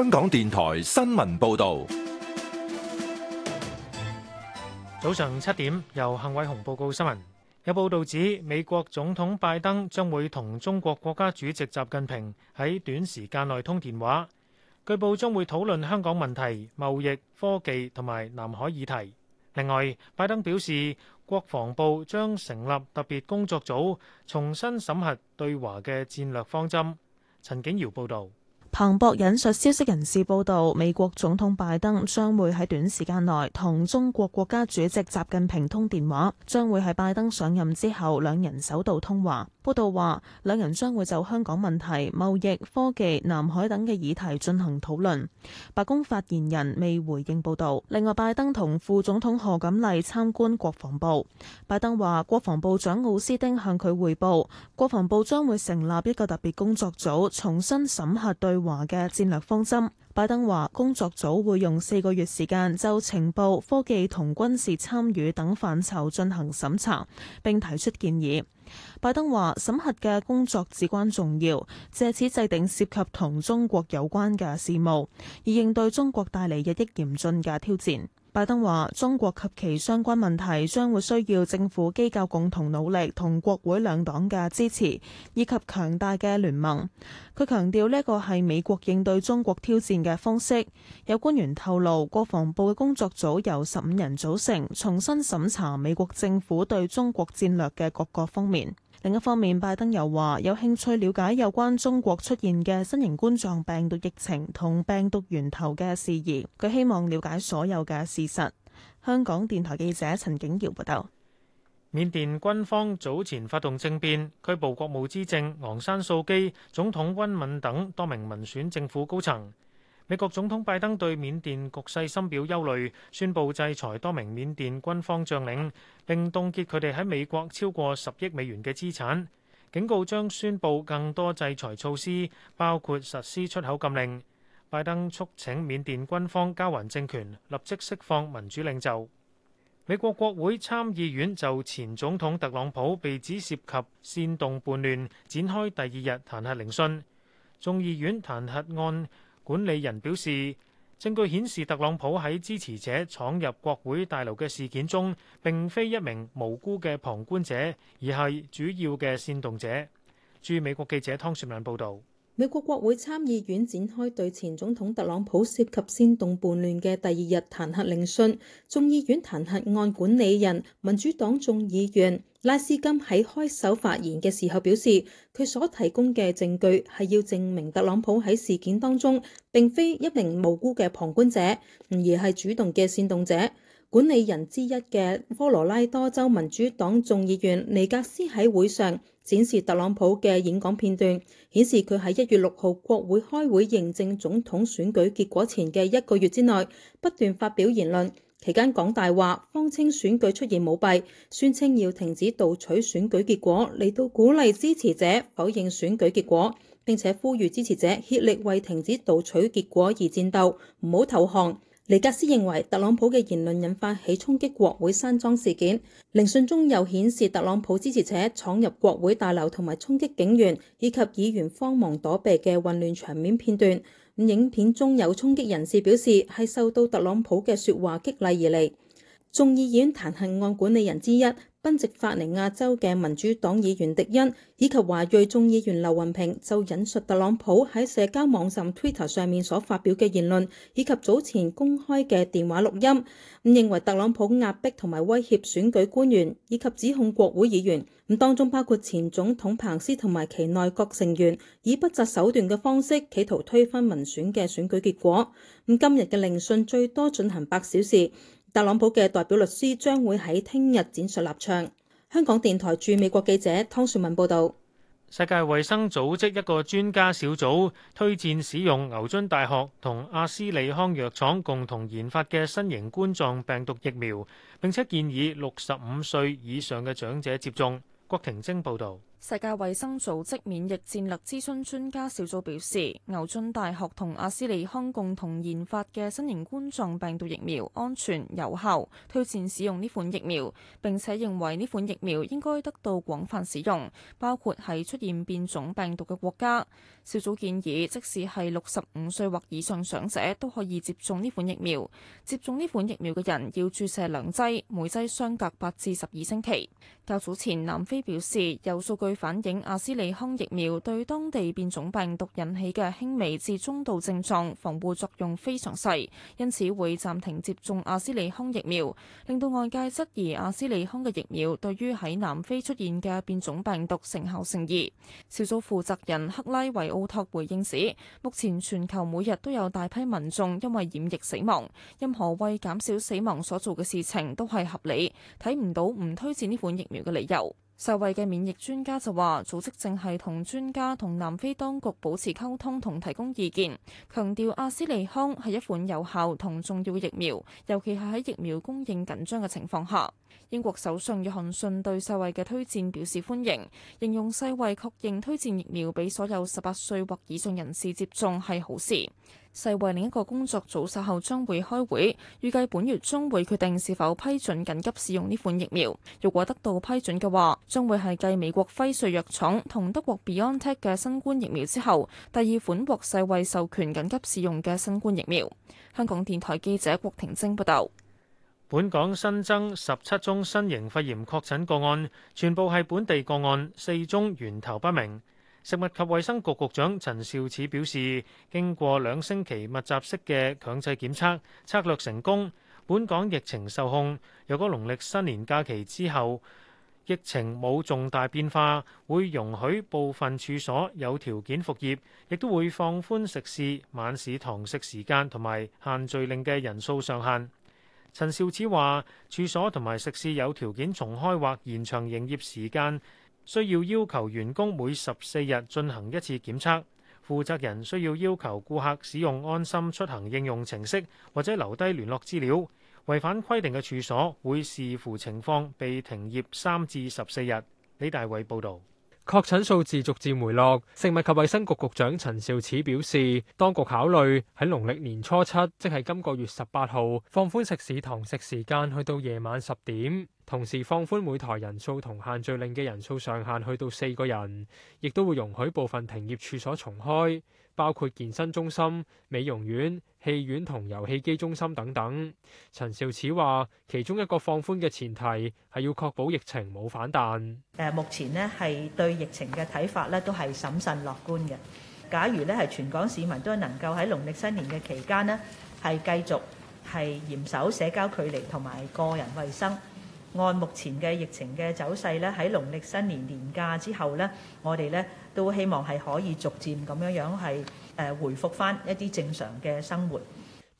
香港電台新聞報道，早上七點由幸偉雄報告新聞。有報道指，美國總統拜登將會同中國國家主席習近平喺短時間內通電話，據報將會討論香港問題、貿易、科技同埋南海議題。另外，拜登表示，國防部將成立特別工作組，重新審核對華嘅戰略方針。陳景瑤報道。彭博引述消息人士報道，美國總統拜登將會喺短時間內同中國國家主席習近平通電話，將會喺拜登上任之後兩人首度通話。報道話，兩人將會就香港問題、貿易、科技、南海等嘅議題進行討論。白宮發言人未回應報道。另外，拜登同副總統賀錦麗參觀國防部。拜登話，國防部長奧斯丁向佢匯報，國防部將會成立一個特別工作組，重新審核對華嘅戰略方針。拜登話，工作組會用四個月時間就情報、科技同軍事參與等範疇進行審查，並提出建議。拜登話：審核嘅工作至關重要，借此制定涉及同中國有關嘅事務，以應對中國帶嚟日益嚴峻嘅挑戰。拜登話：中國及其相關問題將會需要政府機構共同努力，同國會兩黨嘅支持，以及強大嘅聯盟。佢強調呢個係美國應對中國挑戰嘅方式。有官員透露，國防部嘅工作組由十五人組成，重新審查美國政府對中國戰略嘅各個方面。另一方面，拜登又話有興趣了解有關中國出現嘅新型冠狀病毒疫情同病毒源頭嘅事宜，佢希望了解所有嘅事實。香港電台記者陳景耀報道，緬甸軍方早前發動政變，拘捕國務資政昂山素基、總統溫敏等多名民選政府高層。美國總統拜登對緬甸局勢深表憂慮，宣布制裁多名緬甸軍方將領，並凍結佢哋喺美國超過十億美元嘅資產，警告將宣布更多制裁措施，包括實施出口禁令。拜登促請緬甸軍方交還政權，立即釋放民主領袖。美國國會參議院就前總統特朗普被指涉及煽動叛亂，展開第二日彈劾聆訊。眾議院彈劾案管理人表示，證據顯示特朗普喺支持者闖入國會大樓嘅事件中，並非一名無辜嘅旁觀者，而係主要嘅煽動者。駐美國記者湯雪蘭報導。美國國會參議院展開對前總統特朗普涉及煽動叛亂嘅第二日彈劾聆訊，眾議院彈劾案管理人民主黨眾議員拉斯金喺開首發言嘅時候表示，佢所提供嘅證據係要證明特朗普喺事件當中並非一名無辜嘅旁觀者，而係主動嘅煽動者。管理人之一嘅科羅拉多州民主黨眾議員尼格斯喺會上展示特朗普嘅演講片段，顯示佢喺一月六號國會開會認證總統選舉結果前嘅一個月之內，不斷發表言論，期間講大話，謊稱選舉出現舞弊，宣稱要停止盜取選舉結果，嚟到鼓勵支持者否認選舉結果，並且呼籲支持者協力為停止盜取結果而戰鬥，唔好投降。尼格斯認為特朗普嘅言論引發起衝擊國會山莊事件，聆訊中又顯示特朗普支持者闖入國會大樓同埋衝擊警員，以及議員慌忙躲避嘅混亂場面片段。影片中有衝擊人士表示係受到特朗普嘅説話激勵而嚟。眾議院彈劾案管理人之一，賓夕法尼亞州嘅民主黨議員狄恩，以及華裔眾議員劉雲平，就引述特朗普喺社交網站 Twitter 上面所發表嘅言論，以及早前公開嘅電話錄音，咁認為特朗普壓迫同埋威脅選舉官員，以及指控國會議員，咁當中包括前總統彭斯同埋其內閣成員，以不擇手段嘅方式企圖推翻民選嘅選舉結果。咁今日嘅聆訊最多進行八小時。特朗普嘅代表律師將會喺聽日展述立場。香港電台駐美國記者湯順文報道，世界衛生組織一個專家小組推薦使用牛津大學同阿斯利康藥廠共同研發嘅新型冠狀病毒疫苗，並且建議六十五歲以上嘅長者接種。郭婷晶報道。世界衛生組織免疫戰略諮詢專家小組表示，牛津大學同阿斯利康共同研發嘅新型冠狀病毒疫苗安全有效，推薦使用呢款疫苗。並且認為呢款疫苗應該得到廣泛使用，包括喺出現變種病毒嘅國家。小組建議，即使係六十五歲或以上長者都可以接種呢款疫苗。接種呢款疫苗嘅人要注射兩劑，每劑相隔八至十二星期。較早前，南非表示有數據，會反映阿斯利康疫苗對當地變種病毒引起嘅輕微至中度症狀防護作用非常細，因此會暫停接種阿斯利康疫苗，令到外界質疑阿斯利康嘅疫苗對於喺南非出現嘅變種病毒成效成疑。小組負責人克拉維奧托回應指，目前全球每日都有大批民眾因為染疫死亡，任何為減少死亡所做嘅事情都係合理，睇唔到唔推薦呢款疫苗嘅理由。世衛嘅免疫專家就話，組織正係同專家同南非當局保持溝通同提供意見，強調阿斯利康係一款有效同重要嘅疫苗，尤其係喺疫苗供應緊張嘅情況下。英國首相約翰遜對世衛嘅推薦表示歡迎，形容世衛確認推薦疫苗俾所有十八歲或以上人士接種係好事。世衛另一個工作組稍後將會開會，預計本月中會決定是否批准緊急使用呢款疫苗。如果得到批准嘅話，將會係繼美國輝瑞藥廠同德國 BioNTech 嘅新冠疫苗之後，第二款獲世衛授權緊急使用嘅新冠疫苗。香港電台記者郭婷晶報道。本港新增十七宗新型肺炎確診個案，全部係本地個案，四宗源頭不明。食物及衛生局局長陳肇始表示，經過兩星期密集式嘅強制檢測策略成功，本港疫情受控。如果農曆新年假期之後疫情冇重大變化，會容許部分處所有條件復業，亦都會放寬食肆晚市堂食時間同埋限聚令嘅人數上限。陳肇始話，處所同埋食肆有條件重開或延長營業時間。需要要求員工每十四日進行一次檢測。負責人需要要求顧客使用安心出行應用程式或者留低聯絡資料。違反規定嘅處所會視乎情況被停業三至十四日。李大偉報導。確診數字逐漸回落，食物及衛生局局長陳肇始表示，當局考慮喺農曆年初七，即係今個月十八號，放寬食肆堂食時間去到夜晚十點。同時放寬每台人數同限聚令嘅人數上限，去到四個人，亦都會容許部分停業處所重開，包括健身中心、美容院、戲院同遊戲機中心等等。陳肇始話：其中一個放寬嘅前提係要確保疫情冇反彈。目前咧係對疫情嘅睇法咧都係審慎樂觀嘅。假如咧係全港市民都能夠喺農曆新年嘅期間咧係繼續係嚴守社交距離同埋個人衞生。按目前嘅疫情嘅走勢咧，喺農曆新年年假之後咧，我哋咧都希望係可以逐漸咁樣樣，係誒回復翻一啲正常嘅生活。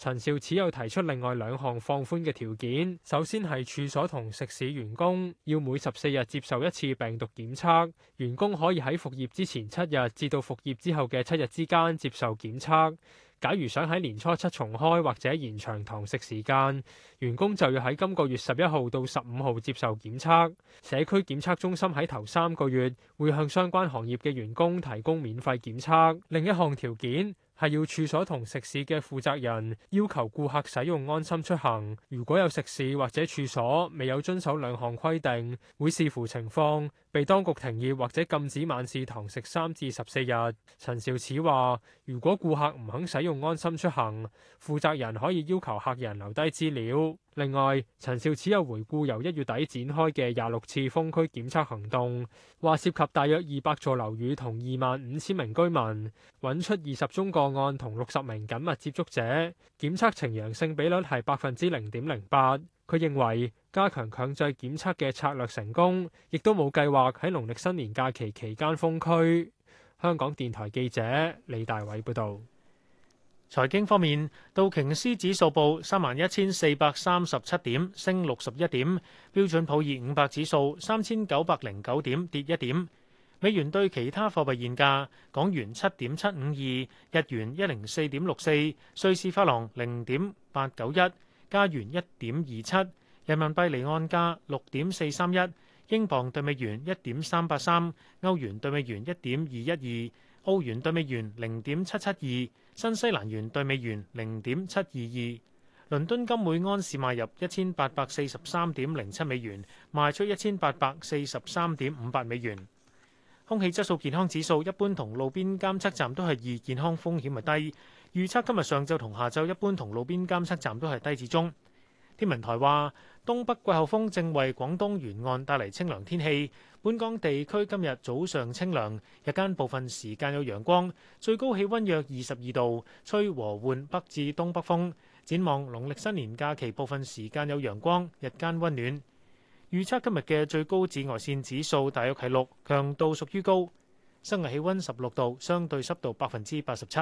陳肇始又提出另外兩項放寬嘅條件，首先係處所同食肆員工要每十四日接受一次病毒檢測，員工可以喺復業之前七日至到復業之後嘅七日之間接受檢測。假如想喺年初七重開或者延長堂食時間，員工就要喺今個月十一號到十五號接受檢測。社區檢測中心喺頭三個月會向相關行業嘅員工提供免費檢測。另一項條件，係要處所同食肆嘅負責人要求顧客使用安心出行。如果有食肆或者處所未有遵守兩項規定，會視乎情況，被當局停業或者禁止晚市堂食三至十四日。陳肇始話：如果顧客唔肯使用安心出行，負責人可以要求客人留低資料。另外，陳肇始有回顧由一月底展開嘅廿六次封區檢測行動話，涉及大約二百座樓宇同二萬五千名居民，揾出二十宗個案同六十名緊密接觸者，檢測呈陽性比率係百分之零點零八。佢認為加強強制檢測嘅策略成功，亦都冇計劃喺農曆新年假期期間封區。香港電台記者李大偉報道。財經方面，道瓊斯指數報三萬一千四百三十七點，升六十一點；標準普爾五百指數三千九百零九點，跌一點。美元對其他貨幣現價：港元七點七五二，日元一零四點六四，瑞士法郎零點八九一，加元一點二七，人民幣離岸價六點四三一，英鎊對美元一點三八三，歐元對美元一點二一二。歐元對美元零點七七二，新西蘭元對美元零點七二二，倫敦金每安士賣入一千八百四十三點零七美元，賣出一千八百四十三點五八美元。空氣質素健康指數一般同路邊監測站都係二，健康風險係低，預測今日上晝同下晝一般同路邊監測站都係低至中。天文台話，東北季候風正為廣東沿岸帶嚟清涼天氣。本港地區今日早上清涼，日間部分時間有陽光，最高氣温約二十二度，吹和緩北至東北風。展望農曆新年假期部分時間有陽光，日間温暖。預測今日嘅最高紫外線指數大約係六，強度屬於高。濕日氣温十六度，相對濕度百分之八十七。